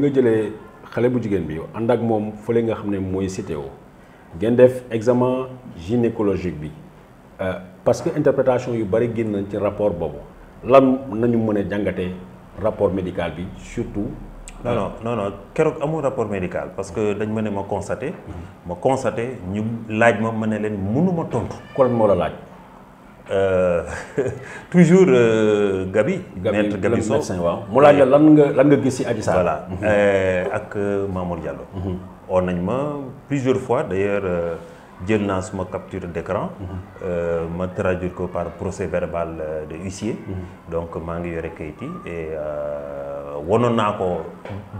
nga jëlee xalé bu jigéen bi ànd ak mom feulé nga xamné moy mooy gën def examen gynécologique bi euh, parce que interprétation yu bari gën nañ ci rapport bobu lan nañu mëne jangaté rapport médical bi surtout. non non non non kérok amu rapport médical parce que dañ mëne ma constater mm-hmm. ma constater ñu laaj ma mëne len mënuma tontu. kon mo la laaj. Euh, toujours euh, Gabi. Gabi maître Gabi Sow waaw mu laaj la lan nga lan nga gis ci voilà euh, ak euh, Mamour Diallo. Mhm. on nañ ma plusieurs fois d'ailleurs je eu ma capture d'écran écran. Mhm. ma traduire par procès verbal de huissier. Mhm. donc maa ngi yore kayit yi et wonoon naa ko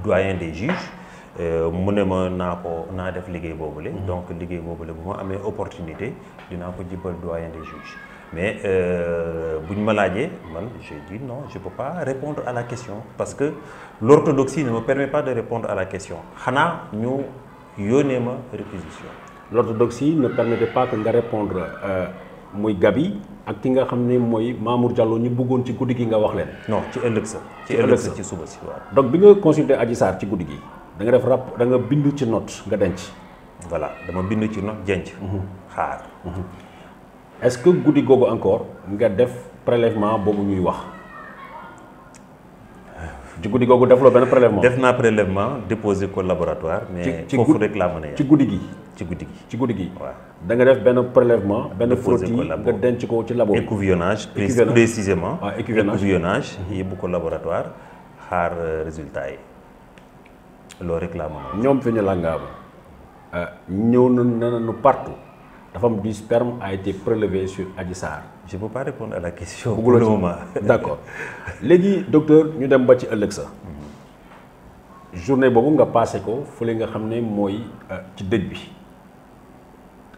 doyen des juges. je ne ma naa donc liggéey boobule bu ma l'opportunité opportunité dinaa ko doyen des juges. Mais euh, man, je dis non, je ne peux pas répondre à la question parce que l'orthodoxie ne me permet pas de répondre à la question. Hana, nous, ma réquisition. L'orthodoxie ne permettait pas de répondre euh, moi Gabi ak ki nga xam ne Mamour Diallo ñu bëggoon ci guddi gi nga wax leen. non ci ëllëg sa. ci ëllëg sa ci suba si waaw. donc bi nga consulté Adji Sarr ci guddi gi da nga def rap da nga bindu ci note nga denc. voilà dama bind ci note denc. Mhm. xaar. Mhm est-ce que Goudi gogo encore nga def prélèvement bobu ñuy wax ci guddi googu defloo ben prélèvement. def na prélèvement déposé ko laboratoire. mais faut rek laa mën ci guddi gi. ci Goudi gi ci Goudi gi. waaw da nga def ben prélèvement. ben frottis nga denc ko ci labo. écouvillonnage précisément. waaw ah, écouvillonnage yóbbu ko laboratoire xaar euh, résultat yi loolu rek laa mën a. fi ñu làngaaba euh, ñëw na nañu partout. La femme du sperme a été prélevée sur Adissar. Je ne peux pas répondre à la question pour moment. D'accord. Légui, docteur, nous sommes battus à La Journée bobu nga passé ko Vous nga xamné moy euh, ci la bi.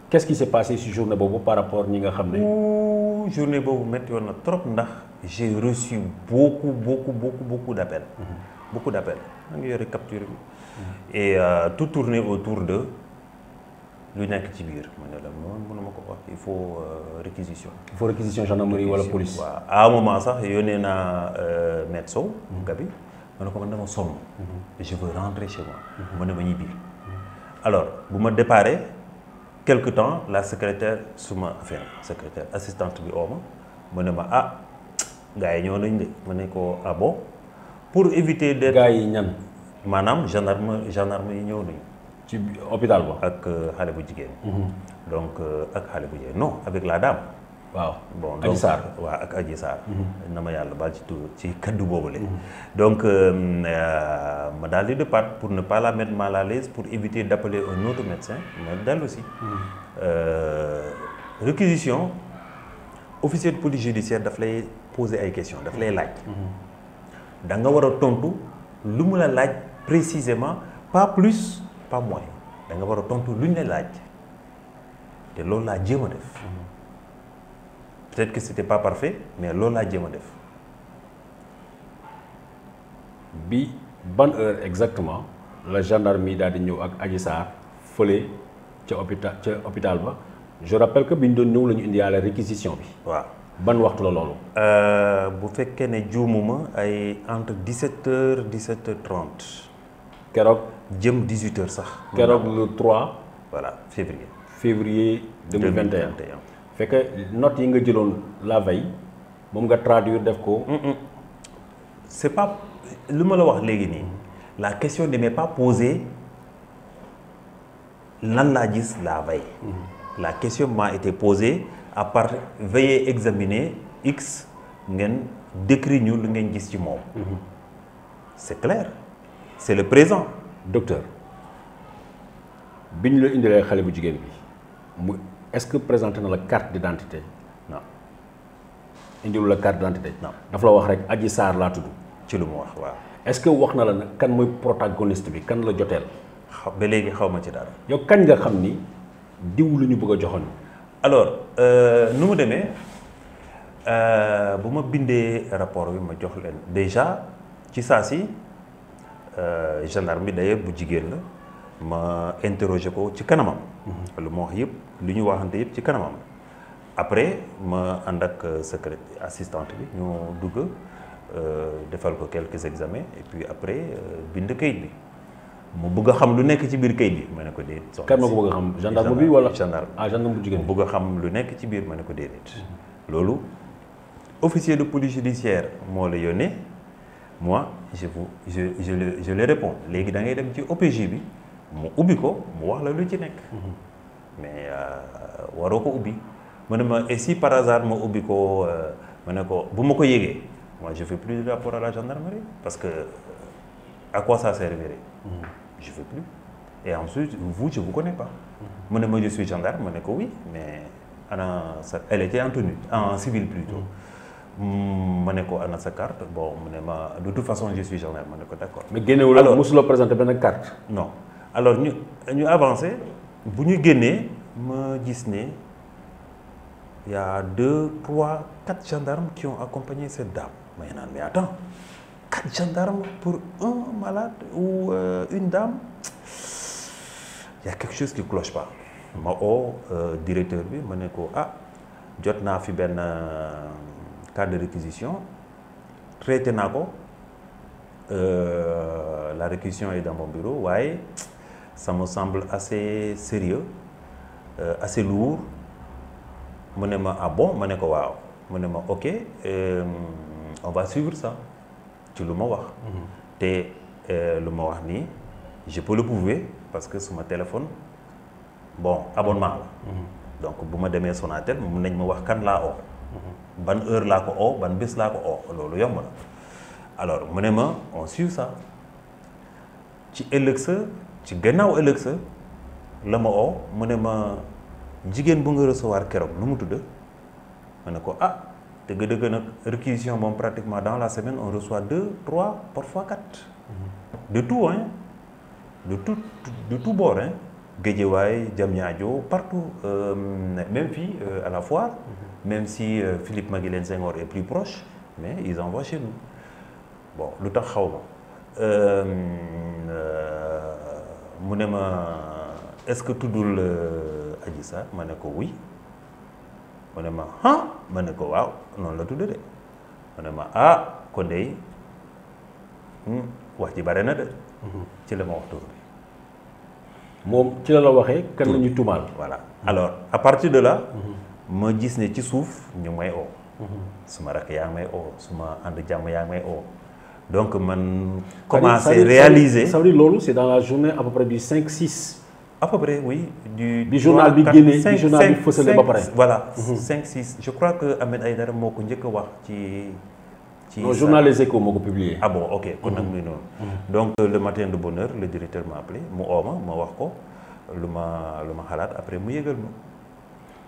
Qu'est-ce qui s'est passé sur journée par rapport ñi nga xamné journée bobu metti won trop ndax j'ai reçu beaucoup beaucoup beaucoup beaucoup d'appels. Mm-hmm. Beaucoup d'appels. Je yoré capture Et euh, tout tournait autour d'eux lu nekk ci biir Mon ne la moom il faut euh, réquisition. il faut réquisition gendarmerie la police. à un moment sax yónnee naa euh, maître mon mhm. Gabi ma ne ko man dama sonn. Mhm. je veux rentrer chez moi. Mhm. ma ne ma ñibbi. alors vous me déparé quelque temps la secrétaire suma affaire secrétaire assistante bi ooma ma ne ma ah gars yi ñoo nañ de ma ko ah bon pour éviter. d'être gars yi ñan. maanaam gendarme gendarme yi ci hôpital Avec euh, mhm. euh, ak xale donc avec xale non avec la dame. waaw bon donc Adji Sarr waaw mhm. Sarr. na ma yàlla baal ci tur ci kaddu boobule. Mhm. donc euh, ma pour ne pas la mettre mal à l'aise pour éviter d'appeler un autre médecin ma aussi. Euh, réquisition officier de police judiciaire daf lay poser ay questions daf lay laaj. da nga war a tontu lu mu la laaj précisément pas plus pas moyen da nga war tontu luñ ñu la laaj te loolu laa def peut-être que c'était pas parfait mais loolu laa jéem def. bi ban heure exactement la gendarmerie daal di ñëw ak Adji Sar feulé ca hôpital ca hôpital ba je rappelle que biñ ñu doon ñëw la ñu indiwaale réquisition bi. Wa. ban waxtu la Euh bu fekké né djoumuma ay entre 17 h 17 h 30. Kérok, 18 h le 3. voilà février. février 2021 que la veille traduire mm, mm. c'est pas la la question ne m'est pas posée la veille. Mm-hmm. la question m'a été posée à part veiller examiner x décrit mm-hmm. c'est clair c'est le présent. docteur bi ñu la indilee xale bu jigéen bi est-ce que présenté la carte d'identité non indilu la carte d'identité non dafa la wax rek Adji Sarr laa tudd ci lu wax waaw. est-ce que wax na la nag kan moy protagoniste bi kan la jotel. xaw ba léegi xaw ci dara. yow kañ nga xam ni diw lu bëgg a alors euh, nu mu demee euh, bu ma bindee rapport bi ma jox leen déjà ci saa Euh, gendarme bi d'ailleurs bu jigéen la ma interroger ko ci kanamam. Mhm. lu ma wax yëpp lu ñu waxante yëpp ci kanamam. après ma ànd ak euh, secrétaire assistante bi ñu dugg euh, defal ko quelques examens et puis après bind kayit bi mu bëgg xam lu nekk ci biir kayit bi ma ne ko déedéet. soxna kan ma ko bëgg a bi wala gendarme ah bu jigéen bëgg a xam lu nekk ci biir ma ne ko déedéet. Mhm. loolu officier de police judiciaire moo la yónnee moi. je vous je je le je le réponds Les gens qui dem ci OPJ bi ils ubbi ko wax mais euh, waroko ko ubbi et si par hasard mon ubiko, ko je euh, ne ko moi je fais plus de rapport à la gendarmerie parce que euh, à quoi ça servirait. je ne fais plus et ensuite vous je ne vous connais pas. Moi je suis gendarme oui mais elle était en tenue en civil plutôt. Hmm, mané ne ko ana carte bon mu ma de toute façon je suis gendarme mané ne ko pas accord. mais génnewul alors présenter carte. non alors ñu ñu avancer bu ñu génnee ma gis il y' a deux trois quatre gendarmes qui ont accompagné cette dame mais nan mais attends quatre gendarmes pour un malade ou euh, une dame Il y' a quelque chose qui cloche pas ma au euh, directeur bi mané ko ah jotna fi euh, cas de réquisition traité naa euh, la réquisition est dans mon bureau Ouais, ça me semble assez sérieux euh, assez lourd Je me ma ah bon je me ko waaw ok euh, on va suivre ça Tu le ma wax le mhm. le ma wax je peux le prouver parce que sur mon téléphone bon abonnement mhm. donc bu ma demee Sonatel mun nañ ma wax kan la oo ban heure la ko o ban bis la ko o lolou yomna alors munema on suit ça ci elekse, ci gennaw elekse, lama o munema jigen bu nga recevoir kérok numu tudde ko ah deug deug nak requisition mom pratiquement dans la semaine on reçoit 2 3 parfois 4 de tout hein de tout de tout bord hein gedjeway jamnyadio partout euh, même fi euh, à la foire même si euh, Philippe Maguilène est plus proche, mais ils envoient chez nous. Bon, le euh, euh, temps est-ce que tout le ça Je dis oui. Je dis ah, je non, le tout de Je dis ah, quand hmm, wax ji mhm. voilà alors à partir de là. Mhm ma gis ne ci souf ñu may oo suma rak ya may oo suma and jam ya may oo donc man commencé réaliser ça veut dire c'est dans la journée à peu près du 5 6 à peu près oui du journal bi génnee bi journal bi fësale ba pare voilà 5 mhm. 6 je crois que Ahmed Aïdara moko ñëk a wax ci ci le journal Les Échos moo publié ah bon ok kon mhm. muy mhm. donc euh, le matin de bonheur le directeur m'a appelé mu oma ma wax ko luma ma xalat après mu yëgal ma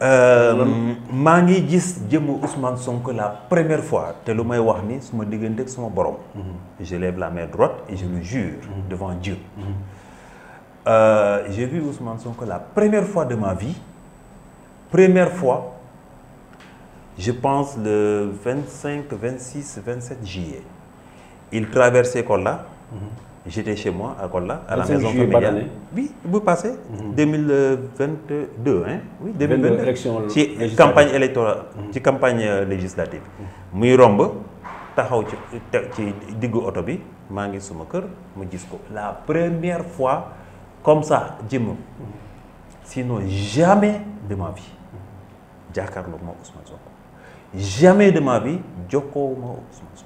Euh, ngi gis Ousmane Sonko la première fois mhm. je lève la main droite et je le jure mhm. devant Dieu. Mhm. Euh, j'ai vu Ousmane Sonko la première fois de ma vie première fois je pense le 25 26 27 juillet il traversait Kola. J'étais chez moi à Gola, à la maison familiale. Oui, vous passez, 2022, mhm. hein? Oui, 2022. campagne électorale, campagne euh, législative. Mhm. Muy romb taxaw ci ci diggu oto bi, maa ngi suma kër ma gis ko. La première fois comme ça jëm. Sinon jamais de ma vie. Jakarlo mo Ousmane Sonko. Jamais de ma vie mo Ousmane Sonko.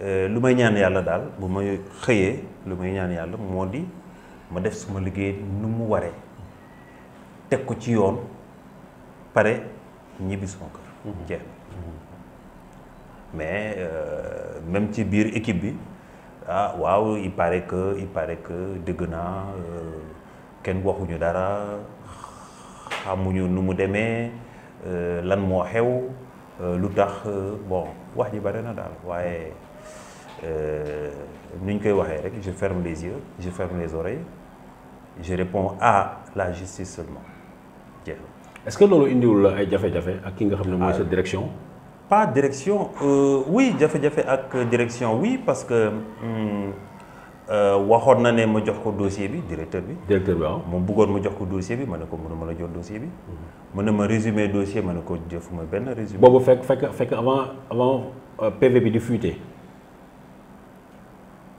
Euh, lu may ñaan yàlla daal bu ma xëyee lu may ñaan yàlla moo di ma def suma liggéey nu mu waree teg ko ci yoon pare ñibbi suma kër mhm. mais euh, même ci biir équipe bi ah waaw il paraît que il que dégg naa euh, kenn waxuñu dara xamuñu nu mu demee lan moo xew lu tax bon wax ji bare na daal waaye Euh, je ferme les yeux je ferme les oreilles je réponds à la justice seulement est-ce que loolu Indioul la ay ah, direction. pas direction euh, oui à direction oui parce que hmm, euh, waxoon na ne ma dossier bi directeur bi. directeur ah. dossier bi ne ko dossier mhm. dossier ne avant avant PV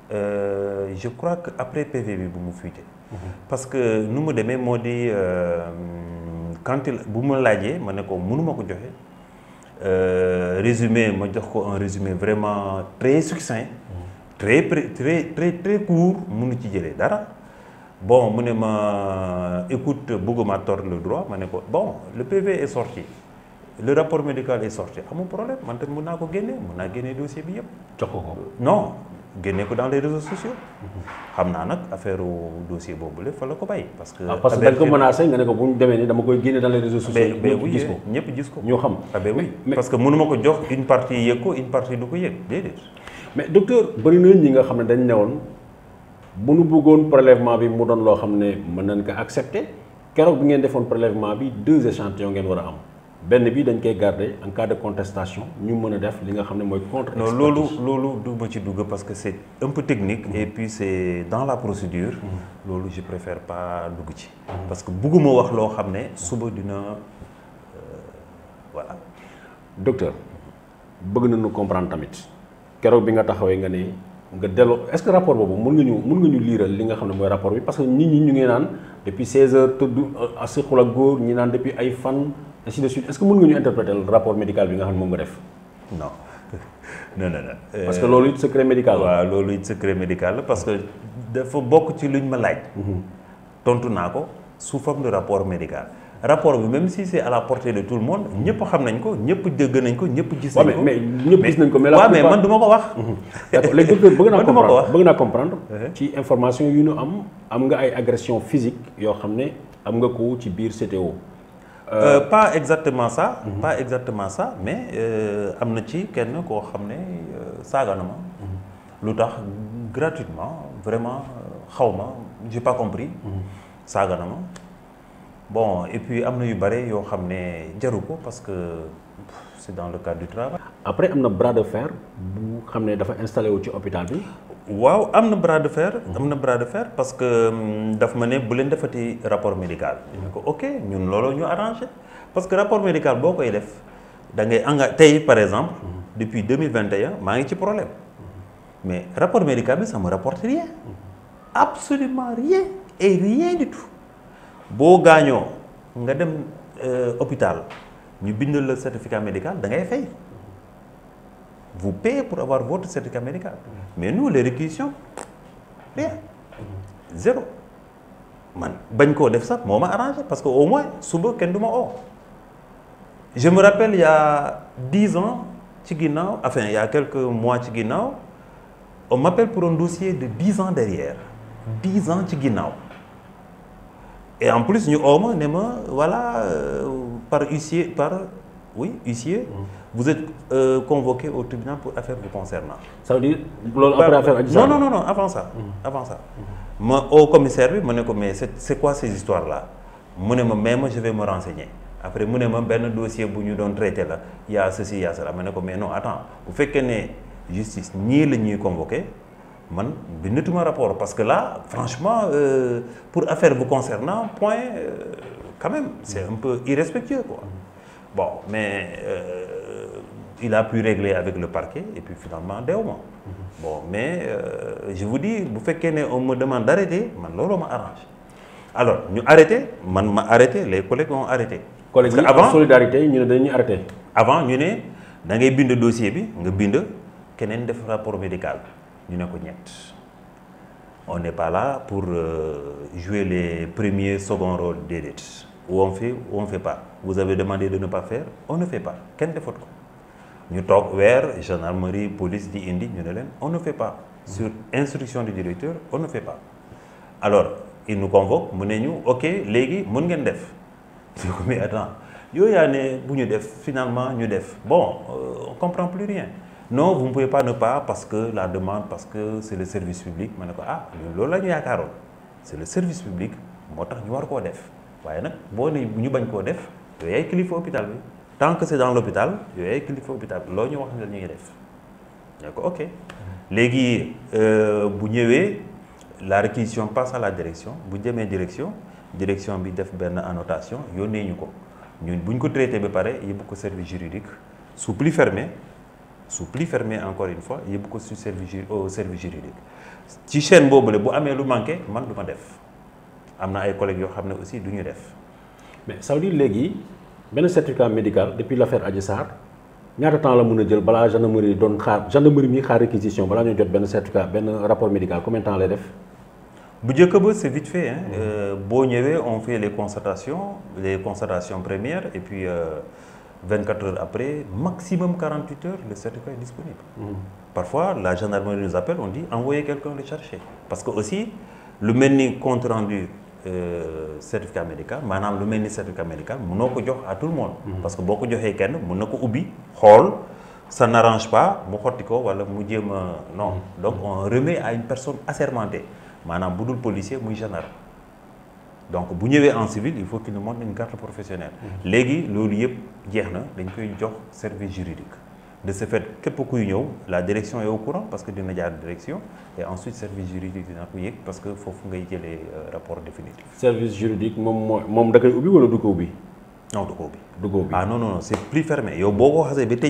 euh, je crois que après PV nous bu mu mhm. parce que nous me euh, quand il euh, résumé ma un résumé vraiment très succinct mhm. très très très très court mounou ci dara bon dit ma écoute le droit bon le PV est sorti le rapport médical est sorti mon problème maintenant ko non génnee ko dans les réseaux sociaux. xam naa nag affaire dossier boobu la fa la ko bàyyi. parce que ah, parce que da nga ko menacé nga ne ko bu ñu demee ni dama koy génne dans les réseaux sociaux. ñëpp gis ko ko ñoo xam. abe oui parce que mënuma ko jox une partie yëg ko une partie du ko yëg déedéet. mais docteur bëri na nga xam ne dañ ne woon bu nu buggoon prélèvement bi mu doon loo xam ne mën nañ ko accepter keroog bi ngeen defoon prélèvement bi deux échantillons ngeen war a am. Ben bi dañ koy garder en cas de contestation ñu mëna def li nga xamné moy contre non lolu lolu du ma ci dugg parce que c'est un peu technique mhm. et puis c'est dans la procédure mhm. lolu je préfère pas dugg ci parce que bugguma wax lo xamné ne suba dina euh, voilà docteur bëgg nañu comprendre tamit kérok bi nga taxawé nga ne nga délo est ce que rapport bobu mun nga ñu mun nga ñu liiral li nga xamné moy rapport bi parce que nit ñi ñu ngi naan depuis 16 heures tëdd asiqul euh, ak goor ñi naan depuis ay fan ainsi de suite est-ce que mën ñu interpréter le rapport médical bi nga xam ne nga def. non non non non. parce que loolu it secret médical Wa, waaw loolu it secret médical parce que dafa bokk ci de ma laaj. Mhm. tontu naa ko sous forme de rapport médical. rapport même si c'est à la portée de tout le monde ñëpp xam nañ ko ñëpp dégg nañ ko ñëpp gis nañ ko mais ñëpp gis nañ ko Wa mais man du ma ko wax mhm. d'accord léegi docteur veux comprendre bëgg naa comprendre uh-huh. ci information yu ñu am am nga ay agression physique yo xam ne am nga ko ci biir CTO euh, euh, pas euh, exactement ça. Mm -hmm. pas exactement ça mais am na ci kenn ko xamné ne mhm. Lutax gratuitement vraiment xawma, j'ai pas compris. Mhm. saaga bon et puis amna yu bare yo xamné jaruko parce que c'est dans le cadre du travail. après amna bras de fer bu xamné dafa installé wu ci hôpital bi. waaw am na bras de fer am na bras de fer parce que mm, daf ma ne bu leen defati rapport médical ñu ko ok ñun loolu ñu arrangé parce que rapport médical boo koy def da ngay enga tey par exemple depuis 2021 maa ngi ci problème mais rapport médical bi ça me rapporte rien absolument rien et rien du tout boo gaañoo nga dem euh, hôpital ñu bindal la certificat médical da ngay fay Vous payez pour avoir votre certificat médical. Mais nous, les réquisitions, rien. Zéro. Man, ko def ça, moi m'a arrangé parce qu'au moins, Soubo Kenduma oh. Je me rappelle il y a 10 ans, enfin il y a quelques mois on m'appelle pour un dossier de 10 ans derrière. 10 ans ans. Et en plus, nous, au moins, voilà, euh, par huissier, par oui huissier. Mm. vous êtes euh, convoqué au tribunal pour affaire vous concernant. ça veut dire après affaire Non, non non non avant ça. Mm. avant ça Moi, mm. au commissaire bi mais c'est quoi ces histoires là Mon ma je vais me renseigner. après mon vais ma dossier pour nous traiter. Il y a ceci il y a cela mais non attends faites que la justice ni la je convoqué man mon rapport parce que là franchement euh, pour affaire vous concernant point euh, quand même c'est un peu irrespectueux quoi Bon, mais euh, il a pu régler avec le parquet et puis finalement, Déoma. Mhm. Bon, mais euh, je vous dis, vous faites qu'on me demande d'arrêter, je m'arrange. Alors, nous arrêté, man m'a arrêté, les collègues ont arrêté. Collègues, avant solidarité, nous avons arrêté. Avant, nous avons dans le dossier, nous avons keneen def rapport médical nous ne ko on n'est pas là pour euh, jouer les premiers second rôles dettes ou on fait ou on ne fait pas vous avez demandé de ne pas faire on ne fait pas Qu'est-ce ko ñu toog weer gendarmerie police di indi ñu ne on ne fait pas sur instruction du directeur on ne fait pas alors il nous convoque nous ok légui, on def mais attends yooyu yaa ne fait. finalement bon euh, on comprend plus rien non vous ne pouvez pas ne pas parce que la demande parce que c'est le service public Mais ko ah c'est le service c'est le service public nous ñu war waaye nag boo ne ñu bañ koo def yooyu ay hôpital bi tant que c'est dans l'hôpital yooyu ay au hôpital bi loo ñu wax ne la ñuy def ne ko ok léegi euh, bu la réquisition passe à la direction bu jëmee direction direction bi def benn annotation yónnee ñu ko ñun bu ñu ko traité ba pare yóbbu ko service juridique sous pli fermé sous pli fermé encore une fois il ko a service service juridique ci chaîne boobule bu amee lu manqué man du ma def amna ay collègues yo xamné aussi duñu def. mais ça veut dire léegi certificat médical depuis l'affaire Adjessar. Adji ñaata temps la mëna a jël bala gendarmerie doon gendarmerie mi xaar jot certificat ben rapport médical combien de temps lay def. bu njëkk ba vite fait hein. euh, bo on fait les consultations, les consultations premières et puis 24 euh, heures après maximum 48 heures le certificat est disponible. Mm-hmm. parfois la gendarmerie nous appelle on dit envoyez quelqu'un le chercher parce que aussi le menu compte rendu. Euh, certificat médical manam lu melni certificat médical mënoo ko jox à tout le monde. Mhm. parce que beaucoup de gens kenn mën na ko ça n'arrange pas mu xortiko wala mu jéem non mhm. donc on remet à une personne assermentée manam budul policier muy général donc bu ñëwee en civil il faut qu'il nous montre une carte professionnelle mhm. légui lolu yépp jeexna dañ koy jox service juridique de ce fait képp la direction est au courant parce que dina la direction et ensuite service juridique dina ko parce que faut ngay les euh, rapport définitif. service juridique mon mooy moom da koy ubbi wala du ko non du ko ah non non non c'est plus fermé Il y a beaucoup de choses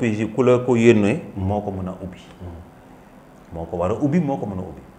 qui sont ku la ko yónnee. Mm-hmm. moo ko mën a ubbi. ubi mm-hmm. ko war